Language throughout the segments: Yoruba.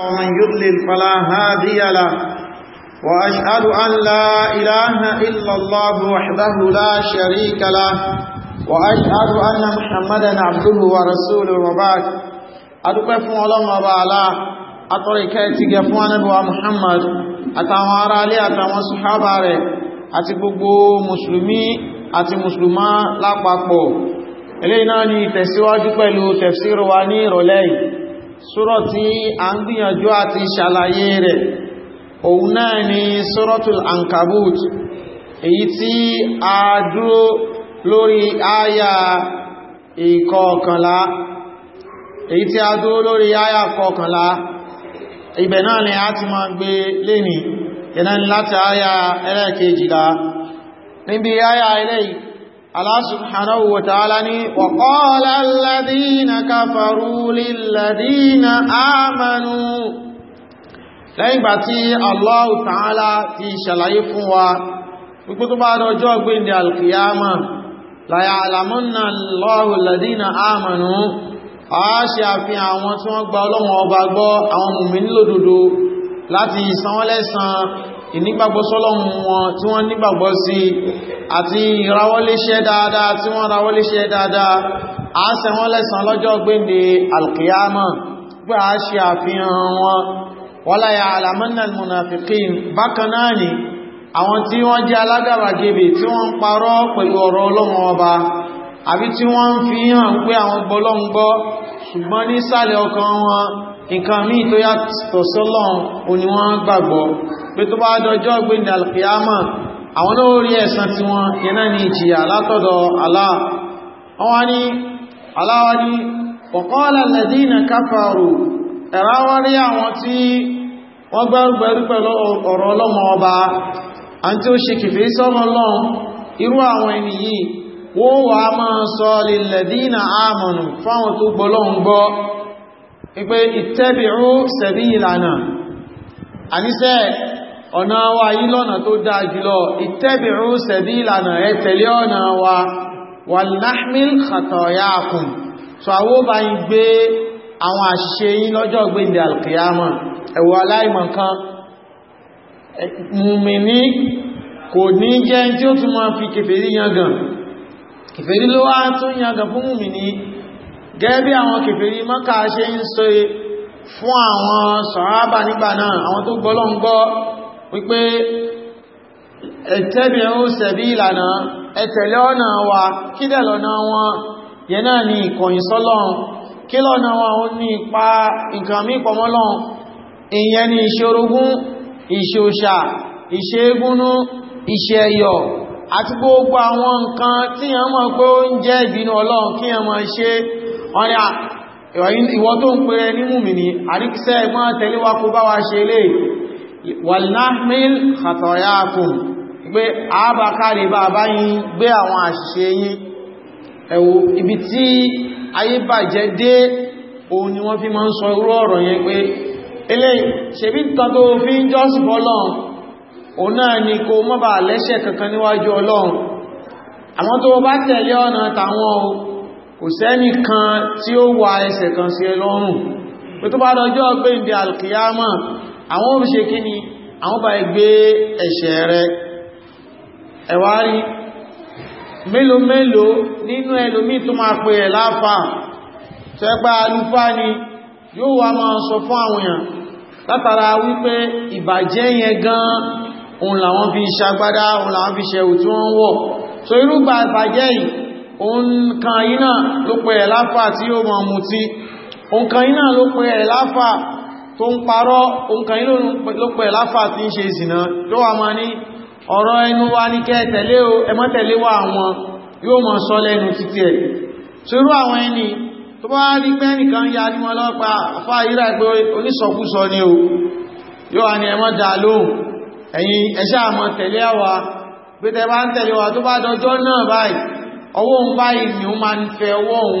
ومن يضلل فلا هادي له وأشهد أن لا إله إلا الله وحده لا شريك له وأشهد أن محمدا عبده ورسوله وبعد أدوكي فون الله وبعلا أطري كيتي فون نبوى محمد أتوارى لي أتوى صحابة àti مسلمي mùsùlùmí àti mùsùlùmá lápapọ̀ eléyìí náà ni tẹ̀síwájú pẹ̀lú tafsir ní ìrọ̀lẹ́ súrọ̀ tí a ń gbìyànjú àti ṣàlàyé rẹ̀ òun náà ni súrọ̀tul ankabut èyí tí a dúró lórí àyà ìkọ̀ọ̀kànlá èyí tí a dúró lórí àyà kọ̀ọ̀kànlá ibẹ̀ náà ni a ti máa gbé lénìí yẹ̀nà láti àyà ẹlẹ́kejìlá níbi àyà ẹlẹ́yìí Allah subhanahu wa ta'ala ni wa qala alladhina kafaru lilladhina amanu lẹ́yìn gbà tí Allah ta'ala ti ṣàlàyé fún wa wípé tó bá dọjọ́ gbíndẹ̀ alkiyama láyà alamunna lọ́rù lẹ́dínà àmànú a ṣe àfihàn àwọn tí wọ́n gba Ọlọ́run ọba gbọ́ àwọn mùmí nílòdòdó láti sanwọ́lẹ́sàn ìnígbàgbọ́ sọ́lọ́run wọn tí wọ́n nígbàgbọ́ sí àti ìrawọ́léṣẹ́ dáadáa tí wọ́n rawọ́léṣẹ́ dáadáa a ṣe wọ́n lẹ́san lọ́jọ́ gbéǹde alkiyama pé a ṣe àfihàn wọn wala ya'lamanna almunafiqin bákan náà ni àwọn tí wọ́n jẹ́ alágàbàgebè tí wọ́n ń parọ́ pẹ̀lú ọ̀rọ̀ ọlọ́run ọba àbí tí wọ́n ń nǹkan míì tó yàtọ̀ sọ́lọ́run òní wọ́n gbàgbọ́ pé tó bá dọjọ́ gbéni alkiyama àwọn olórí ẹ̀san tí wọ́n yẹnà ní ìjìyà látọ̀dọ̀ Allah wọ́n ní Allah wá ní وقال الذين كفروا ẹ̀ráwárí àwọn tí wọ́n gbẹ́rùgbẹ́rú pẹ̀lú ọ̀rọ̀ ọlọ́mọ ọba àti tí ó ṣe kìfèé sọ́rọ̀ lọ́n irú àwọn ẹni yìí wó ittabi'u sabilana àníṣẹ́ ọ̀nà wa yí lọ́nà tó dáa jùlọ ittabi'u sabilana ẹ tẹ̀lé ọ̀nà wa wal nahmil khatayakum so àwọ́ bá ń gbé àwọn àṣìṣe yín lọ́jọ́ gbéǹdẹ̀ alkiyama ẹ̀wọ̀ aláìmọ̀kan mùmìní kò ní jẹ́ tí ó tún máa fi kèfèrí yangàn kèfèrí ló wá tún yangàn fún mùmìní wípé ẹ̀tẹ́bìnrin sẹ̀bí ìlànà ẹ̀tẹ̀lẹ́ ọ̀nà wa kí dẹ̀ lọ́nà wọn yẹ náà ni ìkọ̀yìn sọ́lọ́n kí lọ́nà wọn ó ní ipa nǹkan mí pọmọ́lọ́n ìyẹn ni ìṣorogún ìṣòṣà ìṣeégúnú ìṣẹ̀yọ̀ àti gbogbo àwọn nǹkan tí yẹn mọ̀ pé ó ń jẹ́ ìbínú ọlọ́run kí yẹn mọ̀ ṣe ọ̀rẹ́ wàlnáhmil khatoyakun pé àbákàrí bá bá yín gbé àwọn àṣìṣe yín ẹ̀wò ibi tí ayé bàjẹ́ dé òun ni wọ́n fi máa ń sọ irú ọ̀rọ̀ yẹn pé eléyìí ṣebí nǹkan tó fi ń jọ́sì fọ́lọ́run òun náà ni kò sẹ́nì kan tí àwọn òun ṣe kí ni àwọn bá gbé ẹ̀ṣẹ̀ rẹ̀ ẹ̀wárí mélòó nínú ẹlòmí tó máa pè ẹ̀ láfà tó ẹgbà alúfà ni yóò wá máa sọ fún àwọn èèyàn látara wípé ìbàjẹ́ yẹn gan òun làwọn fi ṣagbádá òun làwọn fi ṣẹ̀wù tí wọ́n wọ̀ so irúgbà ìbàjẹ́ yìí òun kan iná ló pè ẹ̀ láfà tí ó mọ̀ mutí òun kan iná ló pè ẹ̀ láfà tó ń parọ́ oǹkan inú ló pẹ̀ láfà tí ń ṣe ìsìnà tó wà máa ní ọ̀rọ̀ ẹnu wa ní kẹ́ tẹ̀lé o ẹmọ́ tẹ̀lé wa àwọn yóò mọ̀ sọ lẹ́nu títí ẹ̀ ṣorú àwọn ẹni tó bá rí pé ẹnìkan ya ní wọn lọ́pa àfá ìrà pé onísọkúsọ ni o yóò wà ní ẹmọ́ dà lóhùn ẹ̀yin ẹṣẹ́ àmọ́ tẹ̀lé wa pé tẹ bá ń tẹ̀lé wa tó bá dọjọ́ náà báyìí ọwọ́ òun báyìí ni ó máa ń fẹ́ ọwọ́ òun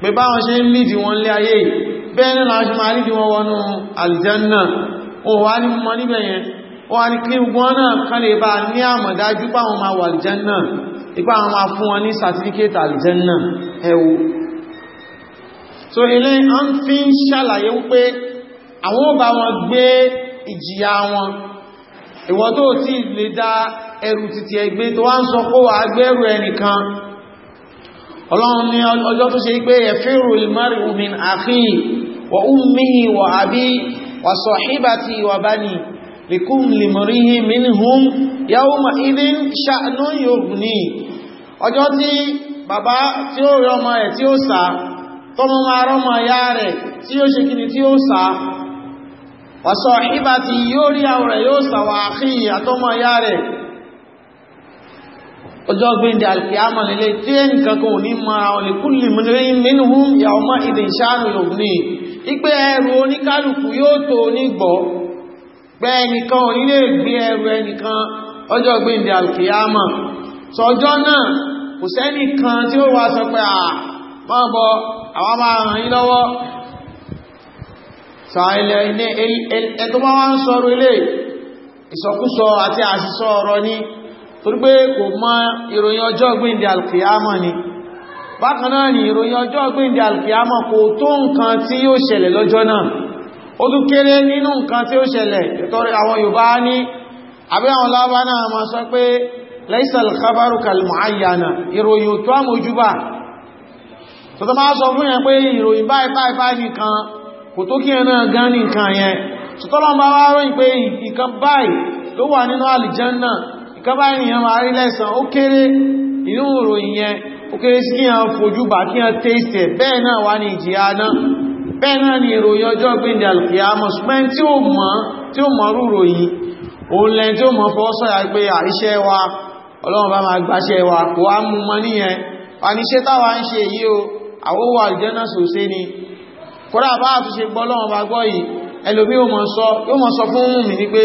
pé báwọn ṣe ń lídì wọn lé ayé bẹ́ẹ̀ni láti máa lídì wọn wọnú aljanna o wá ní mọ́ níbẹ̀ yẹn o wá ní kí wọ́n náà kan lè bá ní àmọ̀dájú páwọn máa wà aljanna ipá àwọn máa fún wọn ní certificate aljanna ẹwú so ilé ń fi ń ṣàlàyé wípé àwọn ò bá wọn gbé ìjìyà wọn ìwọ́n tó ti lè dá ẹrù títí ẹgbẹ́ tó wá ń sọ kó wà gbẹ́rù ẹnìkan ọlọ́run ní ọjọ́ tó ṣe pé ẹ̀fẹ́rù ilmari min àfí wa ummihi wa àbí wa sahibati wa bani likún limorihi minhum yawma idin sha'nun yughni ọjọ́ tí bàbá tí ó rí ọmọ ẹ̀ tí ó sá tọmọ máa rọmọ ya rẹ̀ tí ó ṣe kìnnì tí ó sá wa sahibati yóò rí àwọn rẹ̀ yóò sá wa àfí àtọmọ ya rẹ̀ ọjọ́ gbíndẹ̀ alkiyama nílé tí ẹ nǹkan kan ò ní mara wọn lè kúlì mìírànhún yàwọ́má ìdè ìṣàánù òní ipé ẹrù oníkálùkù yóò tó onígbọ́ pé ẹnìkan ò ní lè gbé ẹrù ẹnìkan ọjọ́ gbíndẹ̀ alkiyama sọjọ́ náà kò sẹ́nìkan tí ó wá sọ pé à torí pé kò mọ ìròyìn ọjọ́ gbíndì alkiyama ni bákan ni ìròyìn ọjọ́ gbíndì alkiyama kò tó nǹkan tí yóò ṣẹlẹ̀ lọ́jọ́ náà ó tún kéré nínú nǹkan tí ó ṣẹlẹ̀ torí àwọn Yorùbá ní àbí àwọn lábá náà ma sọ pé laisal khabaru kal muayyana ìròyìn tó àmójúbà tó tó máa sọ fún yẹn kọba ènìyàn máa rí lẹ́sàn ó kéré inú ìròyìn yẹn ó kéré sí kí a fojú bà kí a tẹ́sẹ̀ bẹ́ẹ̀ náà wà ní ìjìyà náà bẹ́ẹ̀ náà ni ìròyìn ọjọ́ gbíndẹ̀ alkiyama ṣùgbọ́n tí ó mọ̀ tí ó mọ̀ rúrò yìí òun lẹ́n tí o mọ̀ sọ fún mi ní pé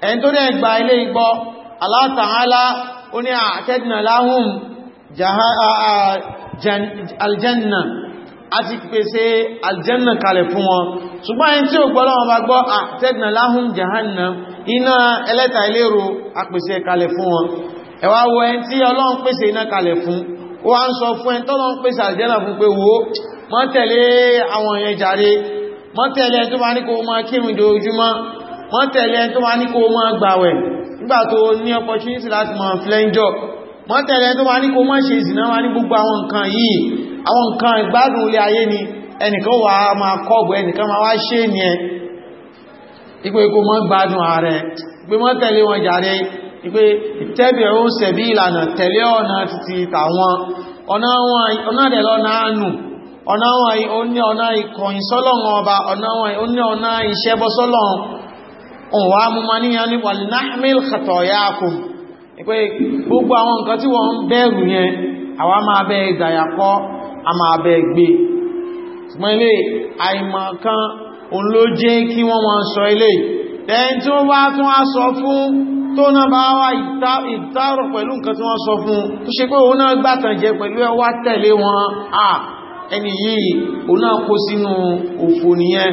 ẹni tó dẹ̀ gba ilé igbọ́ Allah ó ní àtẹ́dìnà láhùn aljanna a ti pèsè aljanna kalẹ̀ fún wọn ṣùgbọ́n ẹni tí ó gbọ́ lọ́wọ́ bá gbọ́ àtẹ́dìnà láhùn jahannam iná ẹlẹ́ta ilérò a pèsè kalẹ̀ fún wọn ẹ wá wo ẹni tí ọlọ́run pèsè iná kalẹ̀ fún ó wá ń sọ fún ẹni tọ́lọ́run pèsè aljanna fún pé wo mọ́ tẹ̀lé àwọn èèyàn tó bá ní kó máa kírun jojúmọ́ wọ́n tẹ̀lé tó wá ní kó mọ́ gbàwẹ̀ nígbà tó ní opportunity láti mọ̀ flenjọ́ wọ́n tẹ̀lé tó wá ní kó mọ́ ṣe ìsìná wá ní gbogbo àwọn nǹkan yìí àwọn nǹkan ìgbádùn ilé ayé ni ẹnìkan wà máa kọ́bù ẹnìkan máa wá ṣe ní ọ̀nà ọ̀nà ìkọ̀yìn ọba ọ̀nà ọ̀nà ìṣẹ́bọ́ ọ̀wà amúmaníyà ní wàlínáhìmìl kàtọ̀yàkùn ìpé gbogbo àwọn nǹkan tí wọ́n ń bẹ̀rù yẹn àwa máa bẹ́ ìdàyàkọ́ a máa bẹ́ gbé ṣùgbọ́n ilé àìmọ̀kan òun ló jẹ́ kí wọ́n wọ́n sọ ilé ẹni tí wọ́n bá tún á sọ fún tó náà bá wá ìtàrọ̀ pẹ̀lú nǹkan tí wọ́n sọ fún tó ṣe pé òun náà gbàtàn jẹ pẹ̀lú ẹwà tẹ̀lé wọn à ẹni yìí òun náà kó sínú òfò nìyẹn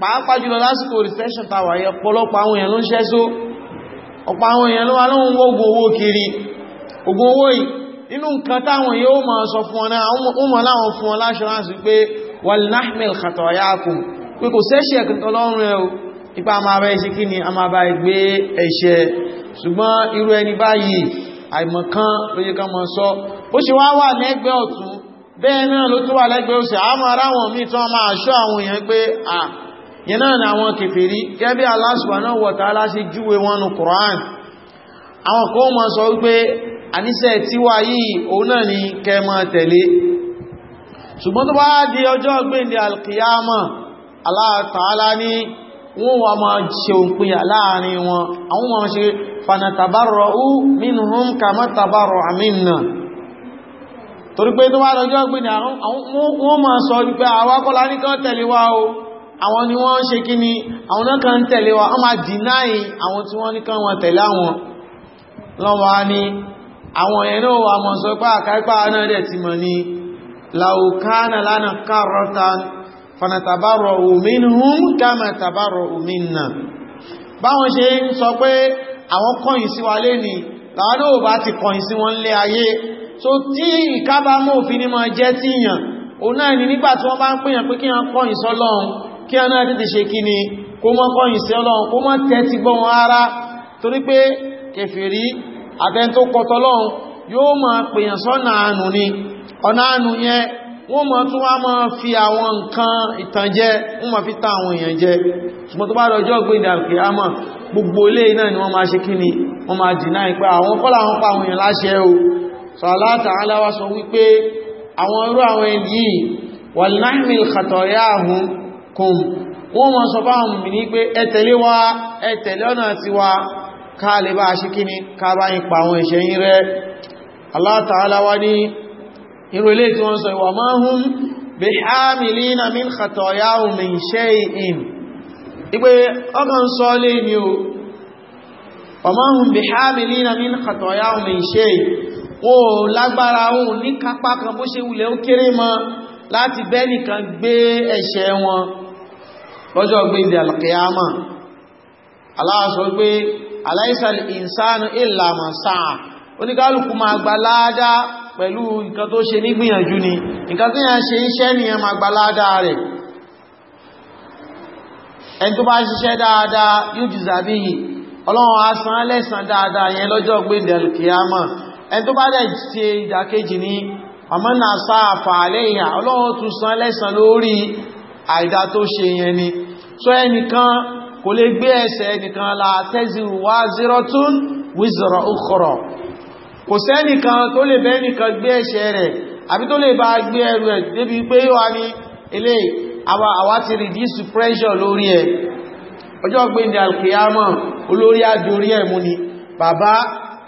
pàápàá jùlọ lásìkò recession tàwà yẹ pọ̀lọpọ̀ àwọn èèyàn ló ń ṣẹ́só ọ̀pọ̀ àwọn èèyàn ló wà lóhun ogun owó kiri ogun owó yìí inú nǹkan táwọn yóò máa sọ fún ọ náà ó mọ̀ láwọn fún ọ láṣọ́ránsì pé walnahmil khatayakum ipa a máa bá ẹṣẹ́ kí ni a máa bá ẹgbẹ́ ẹ̀ṣẹ̀ ṣùgbọ́n irú ẹni báyìí àìmọ̀kan ló yẹ ká mọ̀ sọ ó ṣe wá wà lẹ́gbẹ́ ọ̀tún bẹ́ẹ̀ náà ló tún wà lẹ́gbẹ́ òsì àmọ́ aráwọn míì tán máa ṣọ́ àwọn èèyàn pé à yẹn na ni àwọn kèfèrí gẹ́bí Allah subhanahu wa ta'ala ṣe júwe Qur'an àwọn kó mọ́ sọ wípé àníṣẹ́ tíwà yìí òun náà ni kẹmọ tẹ̀lé ṣùgbọ́n tó bá di ọjọ́ gbẹ̀ndẹ̀ alkiyama Allah ta'ala ní wọ́n wà máa ṣe òpinya torí pé tó bá lọ́jọ́ gbẹ̀ndẹ̀ àwọn máa sọ wípé àwákọ́lá ní kan tẹ̀lé wa o àwọn ni wọ́n ṣe kí ni àwọn náà kan tẹ̀lé wa wọ́n máa àwọn tí wọ́n ní kán wọn tẹ̀lé àwọn lọ́wọ́ ni àwọn yẹn náà wà mọ̀ sọ pé àkárípà náà dẹ̀ ti mọ̀ ni laukana lana karrotan fanatabarọ̀ òmìnhún kama tabarọ̀ òmìnà báwọn ṣe ń sọ pé àwọn kọ̀yìn sí wa lé ni láwọn náà bá ti kọ̀yìn sí wọn lé ayé so tí ìkábámọ́ nígbà tí wọ́n bá ń pèyàn pé kí wọ́n kọ̀yìn sọ́lọ́run kí a náà tètè ṣe kí ni kó mọ́ kọ́yìn sí ọlọ́run kó mọ́ tẹ́tí gbọ́ wọn ara torí pé kèfèrí àtẹ́n tó kọtọlọ́run yóò máa pèyàn sọ́nà àánú ni ọ̀nà àánú yẹn wọ́n mọ̀ tún wá máa fi àwọn nǹkan ìtànjẹ wọ́n máa fi ta àwọn èèyàn jẹ ṣùgbọ́n tó bá lọ́jọ́ gbìndà kì á mọ̀ gbogbo ilé náà ènìyàn wal nahmil khatayaahum kùn wọ́n ma sọ bá mú ní pé ẹ tẹ̀lé wa ẹ tẹ̀lé ọ̀nà ti wa ká lè bá ṣe kí ni ká bá yí pa àwọn ẹ̀ṣẹ̀ yín rẹ́ Allah ta'ala wá ní irú ilé tí wọ́n sọ ìwà máa hún bí hamilina min khatoyahu min shay'in ipé ọkàn láti bẹ́nìkan gbé ẹ̀ṣẹ̀ wọn lọ́jọ́ gbéǹdé alkiyama Allah sọ pé aláìsàlì ìsánú ìlàmà sáà oníkálùkù máa gba láádá pẹ̀lú nǹkan tó ṣe nígbìyànjú ni nǹkan tí yàn ṣe iṣẹ́ nìyàn máa gba láádá rẹ̀ ẹni tó bá ṣiṣẹ́ dáadáa yóò jù zàbí yìí ọlọ́run á san dáadáa yẹn lọ́jọ́ gbéǹdé alkiyama ẹni tó bá dẹ̀ ṣe ìdàkejì ni àmọ́nà sáàfà àlẹ́yà ọlọ́run tún san lẹ́san lórí àìdá tó ṣe yẹn ni tó ẹnìkan kò lè gbé ẹsẹ̀ ẹnìkan la tẹ́zìrù wá zero tún wízọ̀rọ̀ òkọ̀rọ̀ kò sẹ́nìkan tó lè bẹ́ ẹnìkan gbé ẹsẹ̀ rẹ̀ àbí tó lè bá gbé ẹrù ẹ̀ débi pé yóò wá ní ilé àwa ti reduce pressure lórí ẹ̀ ọjọ́ gbé ní alkiyama olórí àjò orí ẹ̀ mú ni bàbá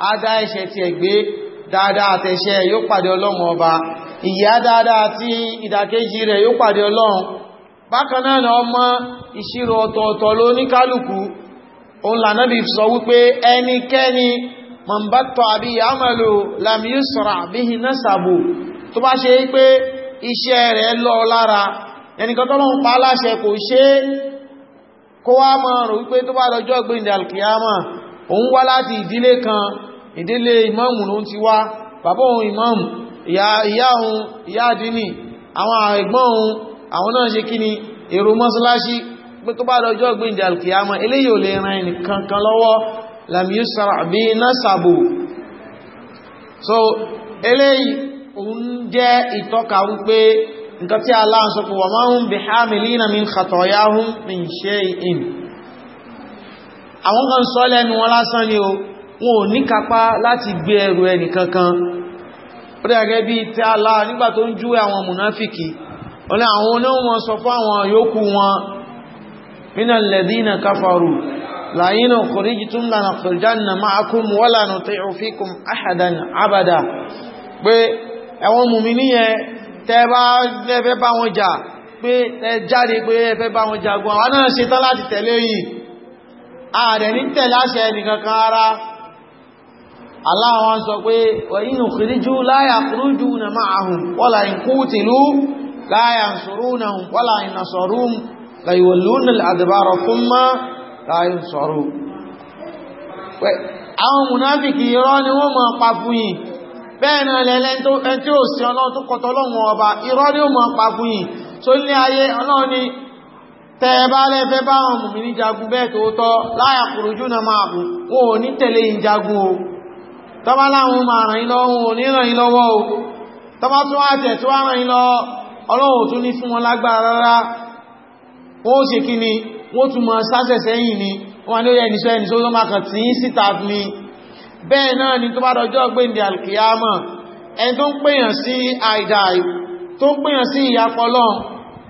á dá ẹsẹ̀ ti ẹ̀ gbé dáadáa àtẹ̀ṣẹ́ yóò pàdé ọlọ́run ọba ìyá dáadáa àti ìdàkejì rẹ̀ yóò pàdé ọlọ́run bákan ọmọ ìṣirò ọ̀tọ̀ọ̀tọ̀ ló ní kálùkù òun sọ wípé ẹnikẹ́ni mọ̀mbátọ̀ àbí àmàlò lamíyùsọ̀rọ̀ àbí hìnásàbò tó gwa lati idile kan ìdílé ìmáàmù ló ti wá bàbá òun ìmáàmù ìyá òun ìyá àdínì àwọn ẹ̀gbọ́n òun àwọn náà ṣe kí ni èrò mọ́sálásí pé tó bá lọ́jọ́ gbìyànjẹ́ alkiyama eléyìí ò lè ran ẹni kankan lọ́wọ́ lamiyusara bí nasabu so eléyìí òun jẹ́ ìtọ́ka wípé Allah ń sọ pé wa ma hum bihamilina min khatoyahum min shay'in àwọn kan sọ lẹ́nu wọn lásán ni o wọn ò ní kápá láti gbé ẹrù ẹnì kankan ó dẹ̀ gẹ́gẹ́ bí tí Allah nígbà tó ń júwe àwọn mùnáfìkì wọ́n ní àwọn oníwọ̀n sọ fún àwọn yòókù wọn minal ladhina kafaru لئن خرجتم لنخرجن معكم ولا نطيع فيكم أحدا أبدا pé àwọn mùmínì yẹn tẹ́ bá fẹ́ pé tẹ́ jáde pé ẹ fẹ́ bá Allah wá sọ pé wa in ukhriju la yakhrujuna ma'ahum wa la in qutilu la yansurunahum wa la in nasaruhum la yawalluna al-adbara thumma la yansurun pé àwọn munafiki irọ́ ni wọ́n máa pa fún yín bẹ́ẹ̀ náà lẹ́lẹ́ tí ó sí ọlọ́run tó tọ́bá láwọn máa ràn yín lọ́wọ́ ò ní ràn yín lọ́wọ́ o tọ́bá tó wá tẹ̀ tó wá ràn yín lọ ọlọ́wọ́ tún ní fún wọn lágbára rárá wọ́n ó ṣe kí ni wọ́n tún máa sáṣẹ̀ sẹ́yìn ni wọ́n ní ó yẹ ẹnìṣọ́ alkiyama ẹni tó ń pèèyàn sí àìdá tó ń pèèyàn sí ìyapọlọ́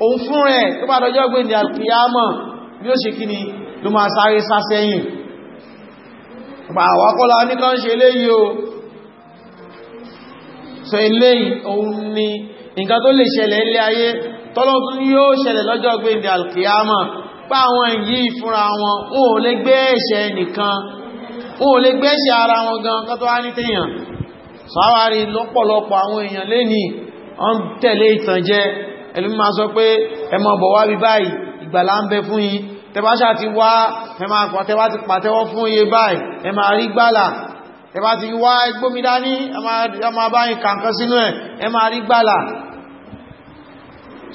òun fún alkiyama bí ó ṣe kí ni pa àwákọ́lá ní ká ń ṣe eléyìí o so eléyìí òun ni nǹkan tó lè ṣẹlẹ̀ ilé ayé tọ́lọ́tún yóò ṣẹlẹ̀ lọ́jọ́ gbéǹdẹ̀ alkiyama pa àwọn yìí fúnra wọn wọn ò lè gbé ẹ̀ṣẹ̀ nìkan wọn ò lè gbé ẹ̀ṣẹ̀ ara wọn gan kọ́ tó ní tèèyàn sáwárí lọ́pọ̀lọpọ̀ àwọn èèyàn lẹ́ni wọ́n tẹ̀lé ìtànjẹ ẹlùmí máa sọ pé ẹmọ bọ̀ wá bí báyìí ìgbàlá ń bẹ fún yín tẹbáṣà ti wá ẹmà pàtẹwà ti pàtẹwọ́ fún iye báyìí ẹmà rí gbàlà ẹmà ti wá ẹgbómidá ní ẹmà báyìí kàǹkan sínú ẹ̀ ẹmà rí gbàlà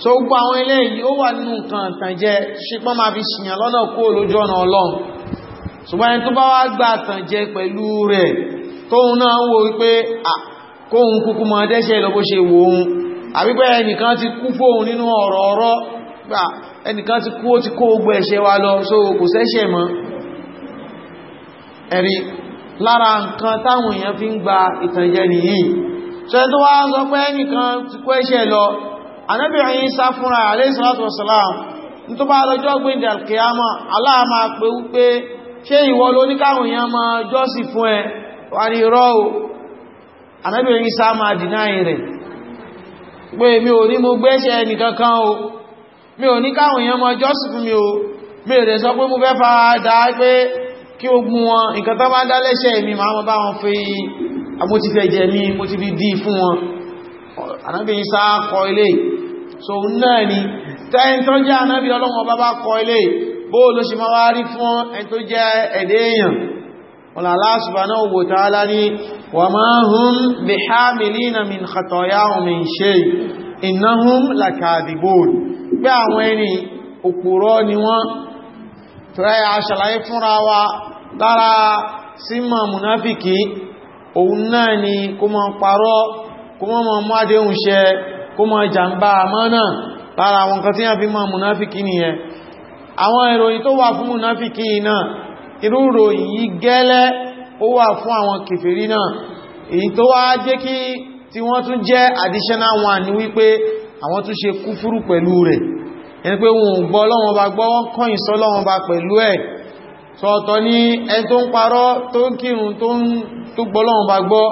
so gbogbo àwọn ilé yìí ó wà nínú nǹkan àtànjẹ ṣípọ́n máa fi ṣìyàn lọ́nà kó lójú ọ̀nà ọlọ́run ṣùgbọ́n ẹni tó bá wá gba àtànjẹ pẹ̀lú rẹ̀ tóun náà ń wo wípé kóhun kúkú mọ́ dẹ́ṣẹ́ lọ bó ṣe wò ó ti kú fóun nínú ọ̀rọ̀ ọ̀rọ̀ ẹnìkan ti kú ó ti kó gbogbo ẹ̀ṣẹ̀ wa lọ so kò sẹ́ṣẹ̀ mọ́ ẹ̀rí lára nǹkan táwọn èèyàn fi ń gba ìtànjẹ nìyí ṣe tó wá sọ pé ẹnìkan ti kó ẹ̀ṣẹ̀ lọ Ànábì Ìsá fúnra alayhi salatu wassalam ní tó bá lọ́jọ́ gbìndì alkiyama Allah máa pé wípé ṣé ìwọ ló ní káwọn èèyàn máa jọ́sìn ò ní mo gbẹ́ṣẹ̀ ẹnìkankan o mi ò ní káwọn èèyàn mọ jọ́sì fún mi o mi rẹ̀ sọ pé mo fẹ́ fara dá pé kí ogun wọn nǹkan tó bá dá lẹ́ṣẹ̀ mi máa mọ bá wọn fi mo ti jẹ mi mo ti fi dí fún wọn ànábì ń sá kọ ilé so náà ni tẹ́yìn tó jẹ́ ànábì ọlọ́wọ́n bá bá kọ ilé bó ló ṣe máa wá rí fún ẹni tó jẹ́ ẹ̀dẹ́ èèyàn wọn Allah subhanahu wa ta'ala ní wa ma hum bihamilina min khatayahu min shay innahum lakadibun pé àwọn ẹni òpòrọ́ ni wọ́n tẹ́rẹ aṣàlàyé fúnra wa lára símọ̀ munafiki òun náà ni kó mọ́ parọ́ kó mọ́ mọ́ mọ́ àdéhùn ṣẹ kó mọ́ jàmbá àmánà lára àwọn kan tí a fi mọ́ munafiki nìyẹn àwọn ìròyìn tó wà fún munafiki náà irú ìròyìn yìí gẹ́lẹ́ ó wà fún àwọn kèfèrí náà èyí tó wá jẹ́ kí tí wọ́n tún jẹ́ additional one ni wípé àwọn tún ṣe kúfúrú pẹ̀lú rẹ̀ ẹni pé wọn ò gbọ́ Ọlọ́run bá gbọ́ wọ́n kọ́yìn sọ Ọlọ́run bá pẹ̀lú ẹ̀ sọ ọ̀tọ̀ ní ẹni tó ń parọ́ tó ń kírun tó gbọ́ Ọlọ́run bá gbọ́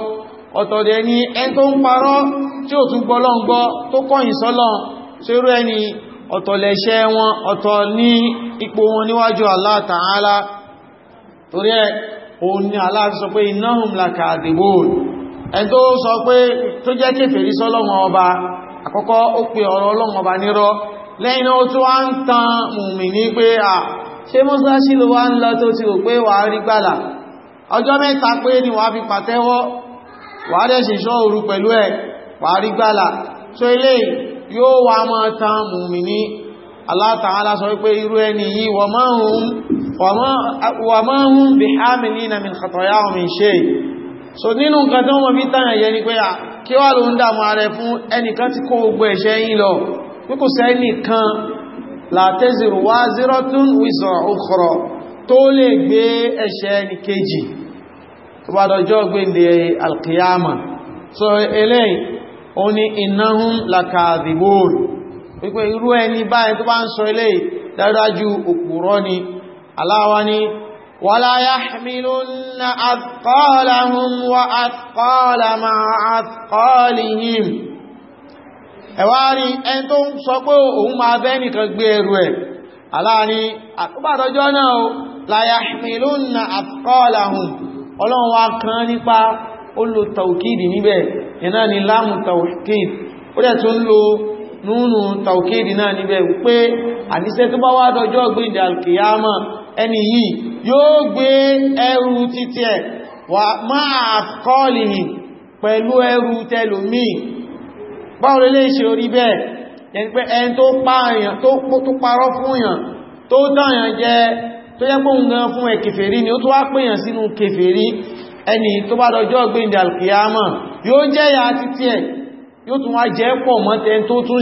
ọ̀tọ̀ dẹ̀ ní ẹni tó ń parọ́ tí ò tún gbọ́ Ọlọ́run gbọ́ tó kọ́yìn sọ Ọlọ́run ṣerú ẹni ọ̀tọ̀ lẹ̀ṣẹ̀ wọn ọ̀tọ̀ ní ipò Allah Ta'ala torí ẹ̀ òun ni Allah sọ pé innahum lakadibun ẹni tó sọ pé tó àkọ́kọ́ ó pe ọ̀rọ̀ ọlọ́run ọba nírọ́ lẹ́yìn náà ó tún wá ń tan mùmì ní pé à ṣé mọ́sáṣí ló wá ń lọ tó ti rò pé wà á rí gbàlà ọjọ́ mẹ́ta pé ni wà fi pàtẹ́wọ́ wà á dẹ̀ ṣe ṣọ́ òru pẹ̀lú ẹ̀ wà á rí gbàlà tó ilé yóò wá máa tan mùmì ní Allah sọ pé irú ẹni yìí wa ma hum bi hamilina min khatayahum so nínú nǹkan tó mọ̀ bí tàyà yẹ ni pé à kí wà ló ń dàmú ààrẹ fún ẹnìkan tí kó gbogbo ẹ̀ṣẹ̀ yìí lọ pí kò sẹ́ nìkan látẹ́zìrò wá zírọ́tún wìsàn òkọ̀rọ̀ tó lè gbé ẹ̀ṣẹ̀ ẹni kejì tó bá dọjọ́ so eléyìí ó ní innahum lakadhibun wípé irú ẹni báyìí tó bá ń sọ eléyìí ولا يحملن أثقالهم وأثقال مع أثقالهم ẹ̀wárí ẹni tó ń sọ pé òun máa bẹ́ nìkan gbé ẹrù ẹ̀ aláàrin àkúbàtọ́jọ́ náà la ọlọ́run wa kan nípa níbẹ̀ ni láàmù tàùkìdì ó dẹ̀ tún lo núnù tàùkìdì náà níbẹ̀ pé àníṣẹ́ tó bá wádọjọ́ gbìndà alkiyama ẹni yóò gbé ẹrù títí ẹ̀ wà máa kọ́ọ̀lì pẹ̀lú ẹrù tẹlùmí báwọn lè ṣe orí bẹ́ẹ̀ yẹn pé ẹn tó pààyàn tó parọ́ fúnyàn tó tààyàn jẹ tó yẹ pé òun fún ẹ kèfèrí ni ó tó wá pèèyàn sínú kèfèrí ẹni tó bá dọjọ́ yóò ya títí ẹ̀ yóò tún wá jẹ́ pọ̀ mọ́tẹ́ tó tún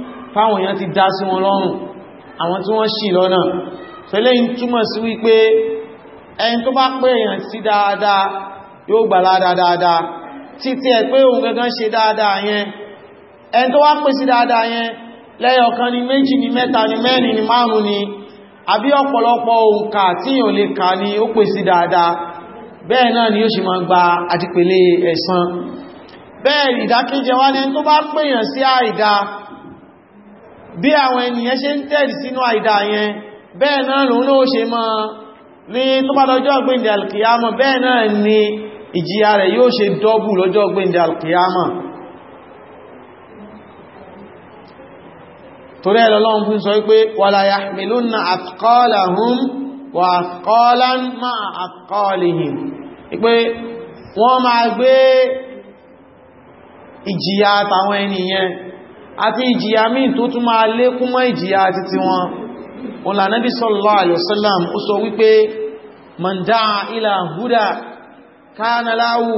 fáwọn èèyàn ti dá sí wọn lọ́rùn àwọn tí wọ́n ṣì lọ́nà tẹ́lẹ̀ ń túmọ̀ sí wípé ẹni tó bá pé èèyàn sí dáadáa yóò gbà ládàá dáadáa títí ẹ̀ pé òun gangan ṣe dáadáa yẹn ẹni tó wá pè sí dáadáa yẹn lẹ́yọ̀ ni méjì ni mẹ́ta ni mẹ́rin ni márùn ni àbí ọ̀pọ̀lọpọ̀ òǹkà tí yàn lè kà ní ó pè sí dáadáa bẹ́ẹ̀ náà ni ó sì máa gba àdìpèlé ẹ̀san bẹ́ẹ̀ ìdákíjẹ wá ní tó bá pèèyàn sí àìdáa bí àwọn ènìyàn ṣe ń tẹ̀rì sínú àìdá yẹn bẹ́ẹ̀ náà lòun ló ṣe mọ́ ní tó bá lọ́jọ́ gbìndẹ̀ alkiyama bẹ́ẹ̀ náà ni ìjìyà rẹ̀ yóò ṣe dọ́bù lọ́jọ́ gbìndẹ̀ alkiyama torí ẹ̀lọ́lọ́run fún sọ wípé àti ìjìyà míì tó tún máa lékún mọ́ ìjìyà àti ti wọn wọn là nábi sallallahu alaihi wasallam ó sọ wípé man da'a ila huda kana lahu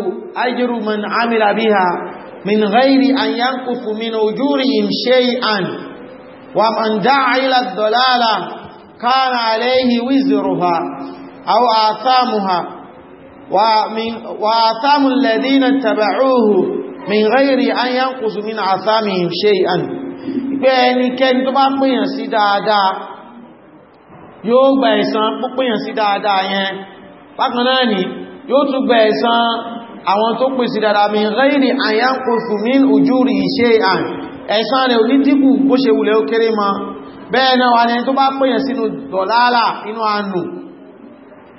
ajru man amila biha min ghairi an yanqusu min ujurihim shay'an wa man da'a ila ad-dalala kana alayhi wizruha aw wa min wa athamu alladhina tabauhu min ghairi an yanqusu min athamihim shay'an pé ẹnikẹ́ni tó bá pèyàn sí dáadáa yóò gba ẹ̀san púpèyàn sí dáadáa yẹn bákan náà ni yóò tún gba ẹ̀san àwọn tó pè sí dáadáa min ghairi an yanqusu min ujuri shay'an ẹ̀san rẹ̀ ò ní dínkù bó ṣe wùlẹ̀ ó kéré mọ́ bẹ́ẹ̀ náà wà ní tó bá pèyàn sínú dọ̀lálà inú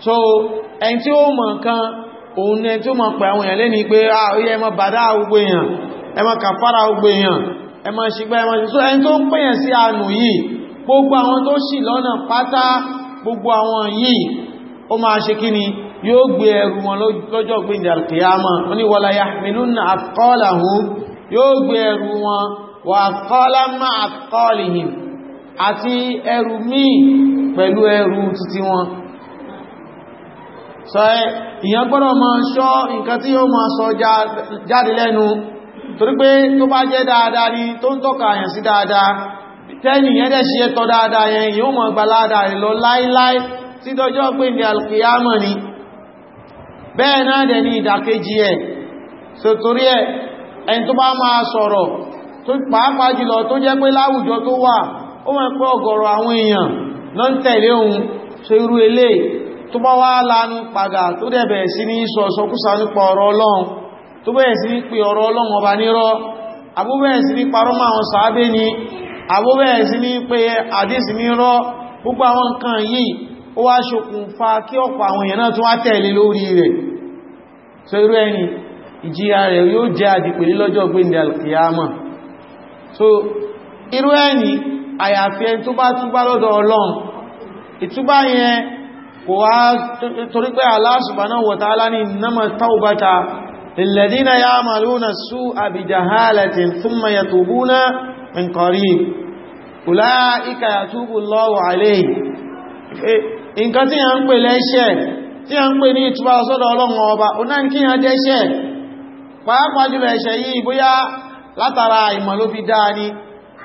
so ẹni tí ó mọ̀ nǹkan òun ní tí ó mọ̀ pẹ̀ àwọn èèyàn lẹ́ni pé ààrẹ ẹmọ bàdá gbogbo èèyàn ẹmọ kàfàrà gbogbo èèyàn ẹmọ ṣìgbà ẹmọ ṣìṣọ́ ẹni tó ń pèyàn sí àánú yìí gbogbo àwọn tó ṣì lọ́nà pátá gbogbo àwọn yìí ó máa ṣe kí ni yóò gbé ẹrù wọn lọ́jọ́ gbìyànjẹ́ alkiyama wọ́n ni wala yahmiluna athqalahum yóò gbé ẹrù wọn wa athqalan ma'a athqalihim àti ẹrù míì pẹ̀lú ẹrù titi wọn sọ ẹ́ ìyàn gbọ́dọ̀ máa ṣọ́ nǹkan tí yóò máa sọ jáde lẹ́nu torí pé tó bá jẹ́ dáadáa ni tó ń tọ́ka àyàn sí dáadáa tẹ́ni yẹn dẹ̀ ṣe tọ́ dáadáa yẹn yóò máa gba láadáa rẹ̀ lọ láíláí tí dọjọ́ pé ní alkiyama ni bẹ́ẹ̀ náà dẹ̀ ní ìdàkejì ẹ̀ so torí ẹ̀ ẹni tó bá máa sọ̀rọ̀ tó pàápàá jùlọ tó jẹ́ pé láwùjọ tó wà ó mọ̀ pé ọ̀gọ̀rọ̀ àwọn èèyàn lọ́n tẹ̀lé òun so irú eléyìí tó bá wá lánú padà tó dẹ̀bẹ̀ sí ní sọ̀sọ̀kúsà nípa ọ̀rọ̀ ọlọ́run tó bẹ̀rẹ̀ sí ní pé ọ̀rọ̀ ọlọ́run ọba nírọ́ abúbẹ̀rẹ̀ sí ní parọ́ máa wọn sàábé ni abúbẹ̀rẹ̀ sí ní pé àdísì nírọ́ gbogbo àwọn nǹkan yìí ó wá ṣokùnfà kí ọ̀pọ̀ àwọn èèyàn náà tún wá so irú ẹni ìjìyà rẹ̀ yóò jẹ́ àdìpèlé lọ́jọ́ gbéǹdẹ̀ ìtúbá yẹn kò torí pé Allah subhanahu ní innama taubata lilladhina ya'maluna as-su'a bijahalatin thumma yatubuna min qarib ulaika yatubu Allahu alayhi nǹkan tí a ń pè lẹ́ṣẹ̀ tí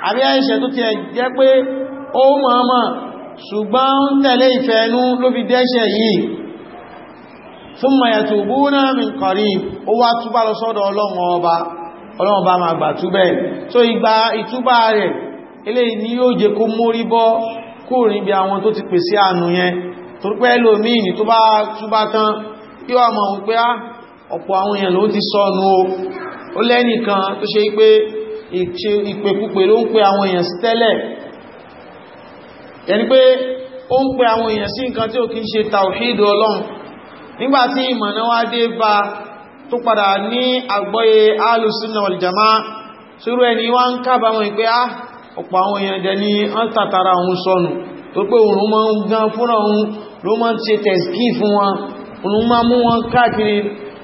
àbí ẹ̀ṣẹ̀ tó ti ẹ̀ jẹ́ pé ó ṣùgbọ́n tẹ̀lé ìfẹ́nú ló fi dẹ́ṣẹ̀ yìí thumma yatubuna min qarib ó wá túbá lọ sọ́dọ̀ ọlọ́run ọba ọlọ́run ọba máa gbà túbẹ̀ tó ìgbà ìtúbà rẹ̀ eléyìí ni yóò jẹ kó mórí bọ́ kúrin bí àwọn tó ti pèsè àánú yẹn torípẹ́ lòmíì tó bá túbá tán tí wà mọ̀ ah, ìpèkúpè ló ń pè àwọn èèyàn sí yẹni pé ó ń pe àwọn èèyàn sí nǹkan tí ó kìí ṣe tàwíìdù ọlọ́run nígbàtí ìmọ̀nà wá dé bá tó padà ní àgbọ́yé alùsùnà ọ̀lìjàmá sórú ẹni wá ń kábàmọ̀ ìpé á ah, ọ̀pọ̀ àwọn èèyàn jẹ ní ọ́n tàtàrà òun sọnù tó pé òun máa ń gan fúnra òun ló máa ń ṣe tẹ̀sìkì fún wọn òun máa mú wọn káàkiri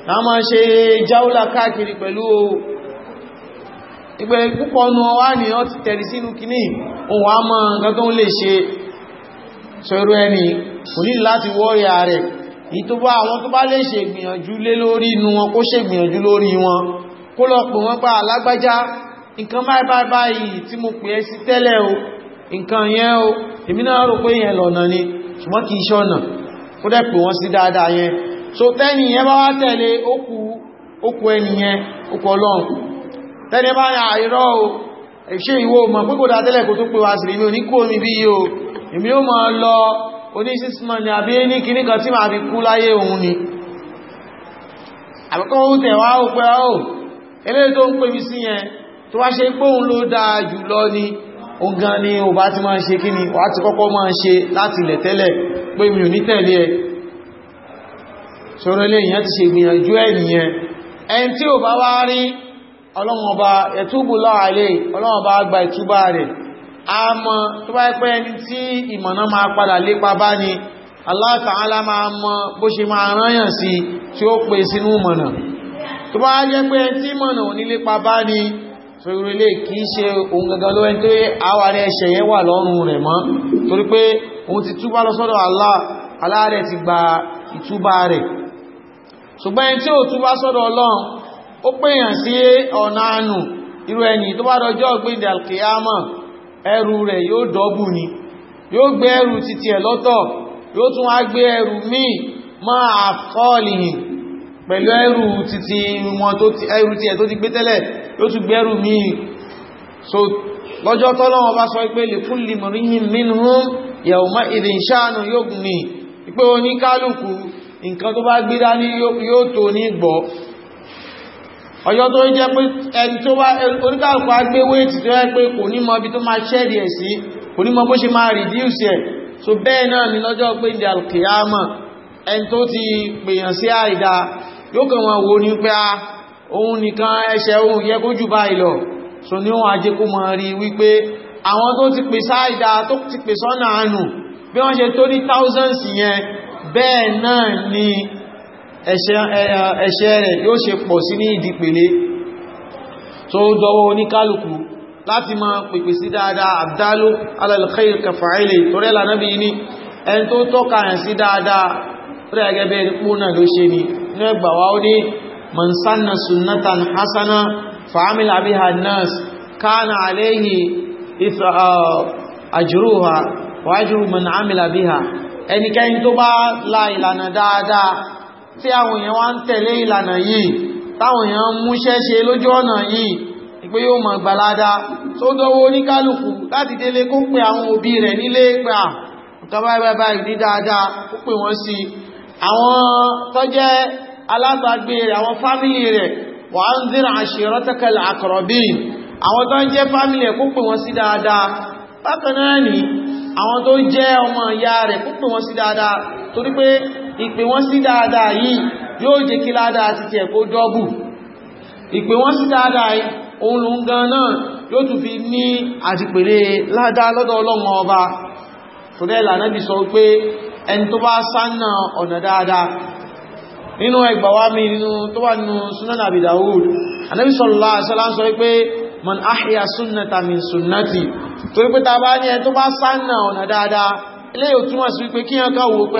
láwọn ṣe jáúlà káàkiri pẹ̀lú ìpẹ̀lẹ̀ púpọ̀ ọnù ọwá ni ọ ti tẹ̀rì sínú kìíní ohun a mọ́ nǹkan tó ń lè ṣe ṣọ́rọ ẹni kò ní láti wọ́ọ̀yà rẹ̀ ìtòbá àwọn tó bá lè ṣe gbìyànjú lé lórí inú wọn kó ṣe gbìyànjú lórí wọn kó lọ pè wọ́n pa alágbájá nǹkan báyìí tí mo pè é sí tẹ́lẹ̀ ni ṣùgbọ́n tẹ́ni bá yà ìrọ́ o ṣe ìwò mọ̀ pé kò dátẹ́lẹ̀ kò tó pè wá sí ìmú oníkú omi bí yíò ìmú yóò mọ̀ lọ oní sísmọ̀ ni àbí ní kìíní kan tí máa fi kú láyé òun ni àbíkọ́ ó tẹ̀ wá ó pẹ́ ó eléyìí tó ń ni ó gan ni ò bá ti tí ò bá wá rí ọlọ́run ọba ẹ̀túbù láàrẹ ọlọ́run ọba gba ìtúbà rẹ̀ a mọ̀ tó bá pẹ́ ẹni tí ìmọ̀nà máa padà lépa bá ní Allah Ta'ala máa mọ̀ bó ṣe máa rányàn sí tí ó pè sínú mọ̀nà tó bá jẹ́ pé ẹni tí mọ̀nà ò ní lépa bá ní torí kìí ṣe ohun gangan ló tó yẹ Allah aláàrẹ̀ ti gba ìtúbà rẹ̀ ṣùgbọ́n ẹni tí ò túbá ó pèèyàn sí ọ̀nà ànù irú ẹni tó bá dọjọ́ gbéǹdà kìámọ̀ ẹrù rẹ̀ yóò dọ́bù ni yóò gbé ẹrù títí ẹ̀ lọ́tọ̀ yóò tún wá gbé ẹrù míì mọ́ àkọọ́lìhìn pẹ̀lú ẹrù títí ẹrù tí ẹ̀ tó ti gbé tẹ́lẹ̀ yóò tún gbé ẹrù míì so lọ́jọ́ tọ́lọ́wọ́ bá sọ pé lè fún limorin minhum yawma idhin sha'nu yughni pé oníkálùkù nǹkan tó bá gbé dání yóò tó ní gbọ́ ọjọ́ tó ń jẹ́ pé ẹni tó wá oníkàlùkù agbé wéètì tó yẹ pé kò ní mọ ibi tó máa ṣẹ́ẹ̀dì ẹ̀ sí kò ní mọ bó ṣe máa rìdíùsì ẹ̀ so bẹ́ẹ̀ náà ni lọ́jọ́ pé ní alkiyama ẹni tó ti pèèyàn sí àìdá yóò kàn wọn wo ní a ah, òun nìkan ẹ̀ṣẹ̀ òun yẹ kó jù báyìí so ní òun ajé kó mọ rí wípé àwọn tó ti pè sáìdá tó ti pè sọ́nà àánú bí wọ́n ṣe tó ní thousands ni ẹ̀ṣẹ̀ rẹ̀ yóò ṣe pọ̀ sí ní ìdípele tó dọwọ́ oníkálùkù láti ma pèpè sí dáadáa àbdálò alàlùkhair kàfàílè torí lànàbí ní ẹni tó tọ́ka yàn sí dáadáa rẹ̀ gẹ́gẹ́ púnà ló ṣe ni nẹ́gbàwá ó ní mansanna sunnatan hasana fa'amila biha nas kana alayhi ajruha wa ajru ẹnikẹ́ni tó bá la dáadáa tí àwọn èèyàn wá ń tẹ̀lé ìlànà yìí táwọn èèyàn múṣẹ́ ṣe lójú ọ̀nà yìí ìpé yóò mọ̀ gbalada tó dọ́wọ́ oníkálùkù láti délé kó pè àwọn òbí rẹ̀ nílé pà tọ́báibáibá ìdí dáadáa kó pè wọ́n sí àwọn tó jẹ́ alábàgbé rẹ̀ àwọn fámílì rẹ̀ wà ń dínà àṣírọ́tẹ́kẹ̀lẹ̀ ìpè wọ́n sí dáadáa yìí yóò jẹ́ kí ládàá ti tẹ̀ kó dọ́bù ìpè wọ́n sí dáadáa yìí òun lòun gan náà yóò tún fi ní àdìpèlé ládàá lọ́dọ̀ ọlọ́run ọba fúnẹ́là náàbì sọ pé ẹni tó bá sánà ọ̀nà dáadáa nínú ẹgbàwá mi nínú tó wà nínú sunan Abi Dawud anábì sallallahu alaihi wasallam sọ pé man ahya sunnata min sunnati tó wípé ta bá ní ẹni tó bá sánà ọ̀nà dáadáa eléyìí ò túmọ̀ sí pé kíyàn káwò pé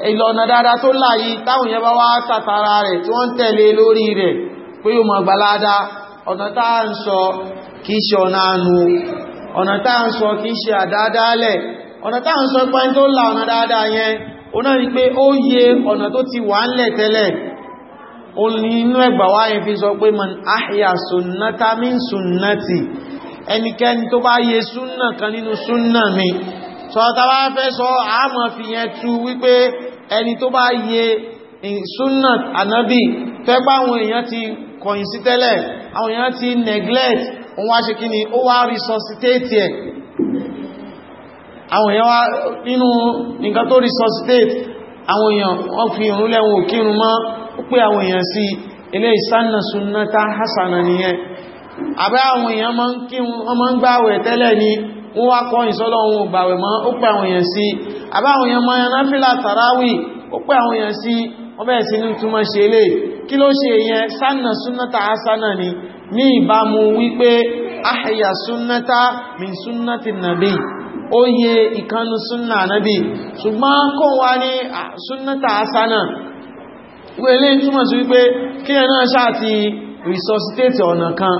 ìlọ́nà dáadáa tó láyé táwọn yẹn bá wá tàtàrà rẹ̀ tí wọ́n tẹ̀lé lórí rẹ̀ pé yóò mọ̀ gbalada ọ̀nà táà ń sọ kìí ṣe ọ̀nà ànú ọ̀nà táà ń sọ kìí ṣe àdádálẹ̀ ọ̀nà táà ń sọ pé tó là ọ̀nà dáadáa yẹn ọ̀nà ni pé ó yẹ ọ̀nà tó ti wà ńlẹ̀ tẹ́lẹ̀ inú wá mi sọ ta bá fẹ́ sọ àmọ́ fi yẹn tú wípé ẹni tó bá yẹ súnà ànábì fẹ́ pá àwọn èèyàn ti kọ̀yìn sí tẹ́lẹ̀ àwọn èèyàn ti neglect òun wá ṣe kí ni ó wá resuscitate ẹ̀ àwọn èèyàn wá nínú nǹkan tó resuscitate àwọn èèyàn wọ́n fi ìrún lẹ́wọ̀n òkírun mọ́ ó pé àwọn èèyàn sí ilé ìsánà súnà tá hasana ni wọ́n wá kọ́ ìsọ́lọ́ ohun ògbàwẹ̀ mọ́ ó pẹ́ àwọn èèyàn sí àbáwọn èèyàn mọ́yàn náfílà tàráwì ó pẹ́ àwọn èèyàn sí wọ́n bẹ̀rẹ̀ sí ní túnmọ̀ ṣe lè kí ló ṣe èèyàn sánà súnnata asánà ni ní ìbámu wípé ahìyà súnnata min súnnati nàbí ó yẹ ìkanu súnnà nàbí ṣùgbọ́n kó wá ní súnnata asánà wípé lè túnmọ̀ sí wípé kí ẹ náà ṣáà ti resuscitate ọ̀nà kan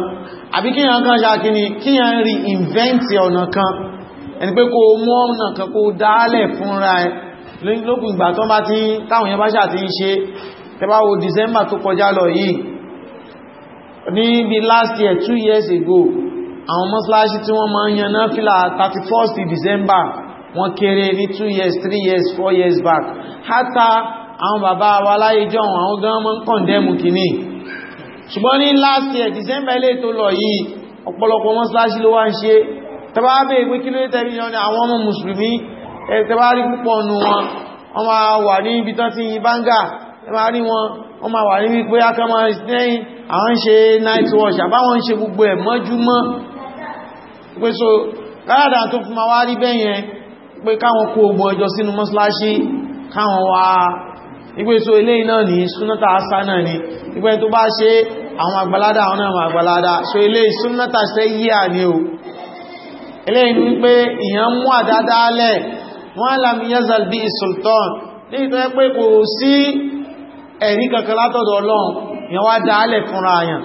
àbí kí yàn kan ṣáà kí ni kí yàn rí ìnvẹ́ntì ọ̀nà kan ẹni pé kó mú ọ̀nà kan kó dálẹ̀ fúnra ẹ lókùn ìgbà tó bá ti táwọn yẹn bá ṣáà ti ń ṣe tẹbá wo December tó kọjá lọ yìí ní bí last year two years ago àwọn mọ́sálásí tí wọ́n máa ń yan náfìlà 31st December wọ́n kéré ní two years three years four years back hátà àwọn bàbá wa láyé jọ àwọn gan mọ́ ń kọ̀ndẹ́mù kìíní ṣùgbọ́n ní last year December ilé tó lọ yìí ọ̀pọ̀lọpọ̀ wọn síláṣí ló wá ń ṣe tẹbá bẹ́ ìpé kí ló yẹ́ tẹ́bí ní àwọn ọmọ mùsùlùmí tẹbá rí púpọ̀ nù wọn wọ́n máa wà ní ibi tán ti yí báńgà tẹbá rí wọn wọ́n wà níbi pé akẹ́mọ̀ ìsìnlẹ́yìn àwọn ń ṣe night watch àbáwọn ń ṣe gbogbo ẹ̀ mọ́júmọ́ pé so kárádà tó fún ma wá rí bẹ́yẹn pé káwọn kó ogun ọjọ́ sínú mọ́sálásí káwọn wá nígbé tó ilé iná ní súnátà asánà ni nígbé tó bá ṣe àwọn àgbàládà àwọn àwọn àgbàládà so ilé súnátà ṣe yíà ni o ilé inú pé ìyàn mú àdádálẹ̀ wọ́n lámiyazal bí sultan ní ìtọ́ pé kò sí ẹ̀rí kankan látọ̀dọ̀ ọlọ́run ìyàn wá dálẹ̀ fúnra àyàn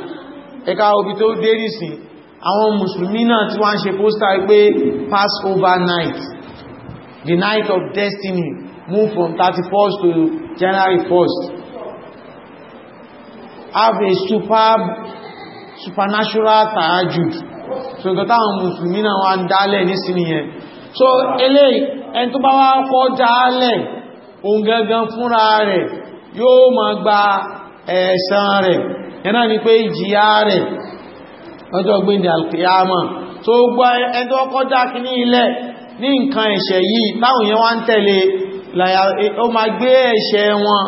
ẹka obi tó dé nìsìn the night of destiny move from 31st to January 1st. Have a superb, supernatural tahajjud. So, nǹkan táwọn Mùsùlùmí náà wá dálẹ̀ nísìnyí yẹn. So, eléyìí, ẹni tó bá wá kọ́ dálẹ̀, òun gangan fúnra rẹ̀ yóò máa gba ẹ̀san rẹ̀. Ẹ̀nà ni pé ìjìyà rẹ̀ lọ́jọ́ gbíndẹ̀ alkiyama. So, gbọ́ ẹni tó kọ́ dá kí ní ilẹ̀ ní nǹkan ẹ̀ṣẹ̀ yìí táwọn yẹn wá ń ó ma gbé ẹ̀ṣẹ̀ wọn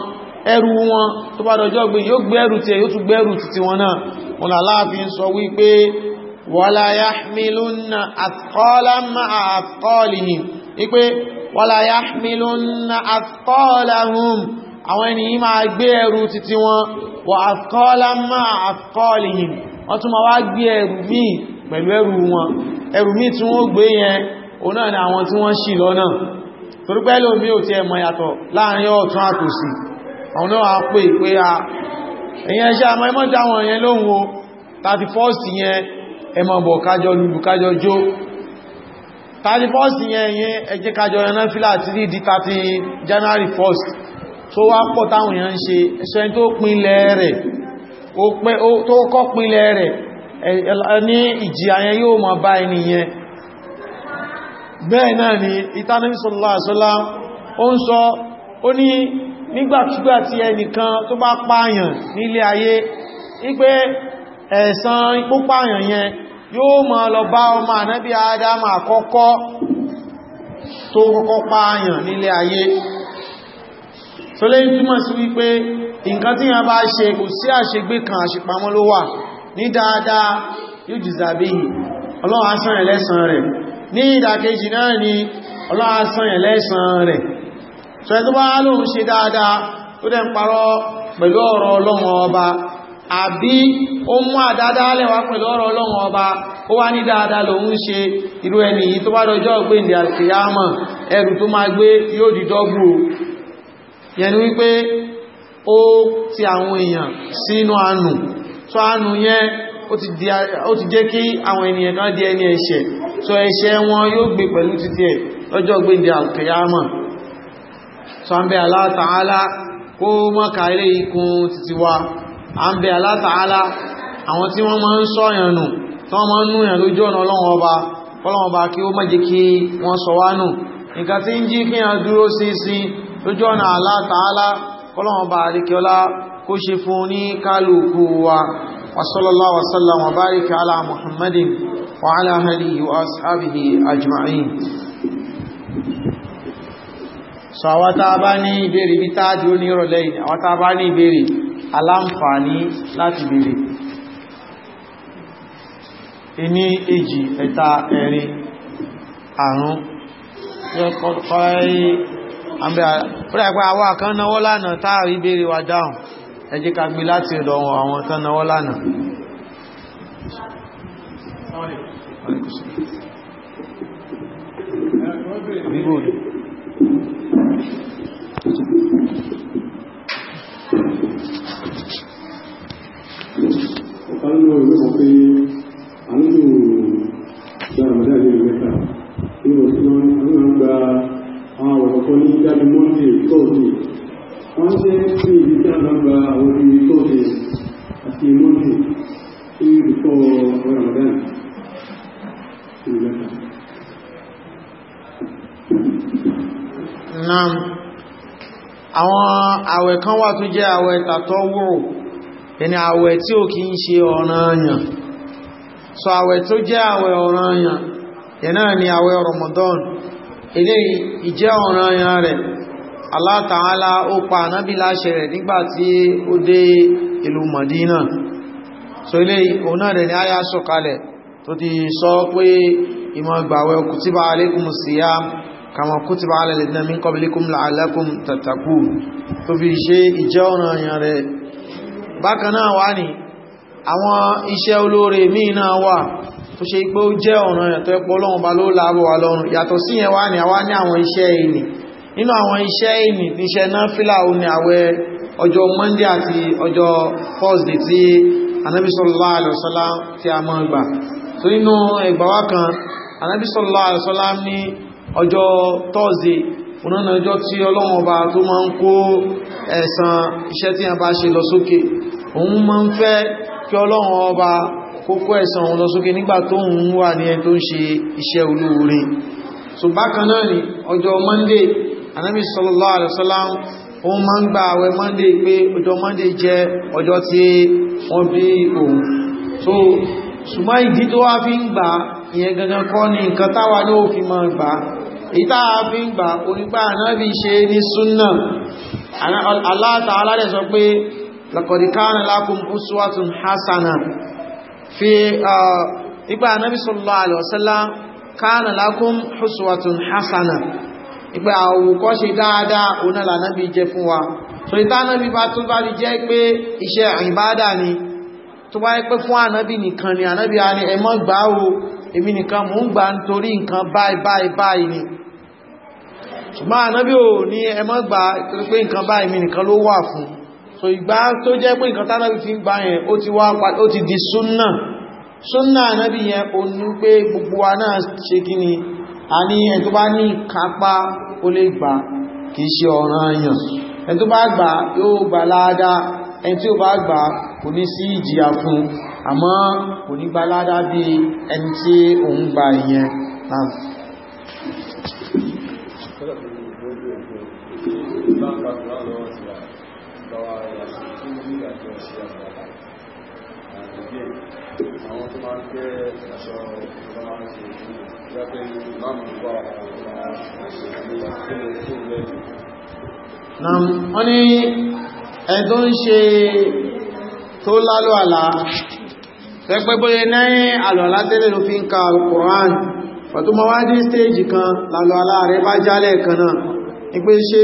ẹrù wọn tó bá dọjọ́ gbé yóò gbé ẹrù tiẹ̀ yóò tún gbé ẹrù titi wọn náà wọn làláàfin sọ wípé wala yahmilunna athqalan ma'a athqalihim wípé wala yahmilunna àwọn ènìyàn máa gbé ẹrù titi wọn wà athqalan ma'a torí pé ẹlòmí ò ti ẹmọ yàtọ̀ láàrin ọ̀tún àtòsí àwọn náà a pè pé a èyàn ẹṣẹ́ àmọ́ ẹmọ́ tí àwọn èyàn lóhun o 31st yẹn ẹmọ bọ̀ kájọ lùlù kájọ jó 31st yẹn yẹn ẹjẹ́ kájọ ẹran di 30 January 1st tó wá pọ̀ táwọn èyàn ń ṣe ẹṣẹ́ tó pinlẹ̀ rẹ̀ tó kọ́ bẹ́ẹ̀ náà ni ìtànàbí sallallahu alaihi wasallam ó ń sọ ó ní nígbàtígbà tí ẹnìkan tó bá pààyàn nílé ayé wípé ẹ̀san púpààyàn yẹn yóò máa lọ bá ọmọ ànábí Ádámù àkọ́kọ́ tó kọ́kọ́ pààyàn nílé ayé tó lè túmọ̀ sí wípé nǹkan tí yàn bá ṣe kò sí àṣegbé kan àṣepamọ́ ló wà ní dáadáa yóò jìzàbí ọlọ́run á san rẹ̀ ní ìdàkejì náà ni ọlọ́asán ẹ̀lẹ́sàn rẹ̀ so ẹ̀ tó bá lóhun ṣe dáadáa ó dẹ̀ ń parọ́ pẹ̀lú ọ̀rọ̀ ọlọ́run ọba àbí ó mú àdáadáa lẹ́wà pẹ̀lú ọ̀rọ̀ ọlọ́run ọba ó wá ní dáadáa lòun ṣe irú ẹni yìí tó bá dọjọ́ gbé ìdí àkìyàmọ̀ ẹrù tó máa gbé yóò di dọ́gbù yẹni wípé ó ti àwọn èèyàn sínú àánú so àánú yẹn ó ti jẹ́ kí àwọn ènìyàn kan di ẹni ẹ̀ṣẹ̀ so ẹ̀ṣẹ̀ wọn yóò gbé pẹ̀lú títí ẹ̀ lọ́jọ́ gbéǹdé alkiyama so ambe ń bẹ Allah Ta'ala kó mọ́ kàílé ikun títí wa a ń bẹ Allah Ta'ala àwọn tí wọ́n máa ń sọ́yàn nù tí wọ́n máa ń núyàn lójú ọ̀nà ọlọ́run ọba ọlọ́run ọba kí ó má jẹ́ kí wọ́n sọ lójú ọ̀nà Allah kó ṣe fún ní kálukú wa وصلى الله وسلم وبارك على محمد وعلى آله وأصحابه أجمعين so àwọn tàbá ní ìbéèrè bí táàdì ó ní ìrọ̀lẹ́ ìní àwọn tàbá ní ìbéèrè aláǹfààní láti béèrè ìní èjì ẹ̀ta ẹ̀rin àrùn yẹ́kọ̀ọ́kọ́ ẹ̀ àmì àwọn àkànnáwọ́ lánàá táàrí ìbéèrè wa dáhùn ẹ jẹ́ ká gbé láti ọ̀dọ̀ àwọn tán náwọ́ lánàá Ọ̀pọ̀lọpọ̀ ìwé sọ pé àlejò ìjọba ìjọba ìrẹ́ta ní ọ̀sán àwọn àgbà àwọn ọ̀pọ̀ ní ìdájú mọ́ndé tó ní wọ́n jẹ́ gba àwọn ibi tó kan wà tó jẹ́ àwẹ̀ tàtọ́ wúrò, ẹni àwẹ̀ tí ò kìí ṣe ọ̀nà ọ̀ranyàn. So àwẹ̀ tó jẹ́ àwẹ̀ ọ̀ranyàn, yẹ náà ni àwẹ̀ Ramadan, eléyìí ìjẹ́ ọ̀ranyàn rẹ̀. Allah Ta'ala ó pa ànábì láṣẹ rẹ̀ nígbàtí ó dé ìlú Madina so ilé òun náà rẹ̀ ní àyà sọ̀kalẹ̀ tó ti sọ pé ìmọ̀ gbàwẹ̀ kutiba alaykumus siyam kama kutiba ala alladhina min qablikum la'allakum tattaqun tó fi ṣe ìjẹ́ ọ̀nà yàn rẹ̀ bákan náà wá ní àwọn iṣẹ́ olóore míì náà wà pé ó jẹ́ ọ̀nà yàn tó ẹpọ̀ Ọlọ́run ló láàbọ̀ wa lọ́rùn yàtọ̀ sí yẹn wá àwọn iṣẹ́ ìní nínú àwọn iṣẹ́ ìní tí iṣẹ́ náà fílà ò ní àwẹ̀ ọjọ́ Monday àti ọjọ́ Thursday tí Ànábì sallallahu alaihi wasallam tí a máa gbà tó nínú ẹgbàwá kan Ànábì sallallahu ní ọjọ́ Thursday onáà ọjọ́ tí Ọlọ́run Ọba tó máa ń kó ẹ̀san iṣẹ́ tí a bá ṣe lọ sókè òun máa ń fẹ́ kí Ọlọ́run Ọba kókó ẹ̀san òun lọ sókè nígbà tó ń wà ní ẹ tó ń ṣe iṣẹ́ olóore so bákan náà ni ọjọ́ Monday anábì sallallahu alaihi wasallam ó máa ń gba àwẹ̀ monday pé ọjọ́ monday jẹ́ ọjọ́ tí wọ́n bí òun so ṣùgbọ́n ìdí tó wá fi ń gbà ìyẹn gangan kọ́ ní nǹkan táwa ló fi máa gbà èyí táwa fi ń gbà onípa anábì ṣe ní súnnà Allah ta'ala dẹ̀ sọ pé laqad kana lakum uswatun hasana fi ìgbà anábì sallallahu alaihi wasallam kana lakum uswatun hasana ìpé àwòkọ́ṣe dáadáa ọ̀nà lànábí jẹ fún wa so ìtànábí bá tún bá rí jẹ́ pé iṣẹ́ ìbádà ni tó bá rí pé fún ànábí nìkan ni ànábí a ní ẹmọ́ gbà o èmi nìkan mò ń gbà ń torí nǹkan báyìí báyìí ni ṣùgbọ́n ànábí ò ní ẹmọ́ gbà pé nǹkan báyìí mi nìkan ló wà fún so ìgbà tó jẹ́ pé nǹkan tánábí fi gbà yẹn ó ti wá ó ti di súnnà súnnà ànábí yẹn ò ní pé gbogbo wa náà ṣe kí ni a ní ẹni tó bá ní kápá ó lè gbà kìí ṣe ọ̀ràn àyàn ẹni tó bá gbà yóò gbà láadáa ẹni tí ó bá gbà kò ní sí ìjìyà fún àmọ́ kò ní gbà láadáa bí ẹni tí òun gbà ìyẹn Àwọn tó máa ń jẹ́ aṣọ ọ̀rọ̀ àwọn ìṣẹ̀lẹ̀ Nam, wọ́n ní ẹni tó ń ṣe tó lálọ́ àlá, tẹ́pẹ́ bóyẹ náà àlọ́lá tẹ́lẹ̀ ló fi ń ka Al-Qur'an, pàtó ma wá dé stéèjì kan lálọ́ àlá rẹ̀ bá jálẹ̀ kan náà, ní pé ṣe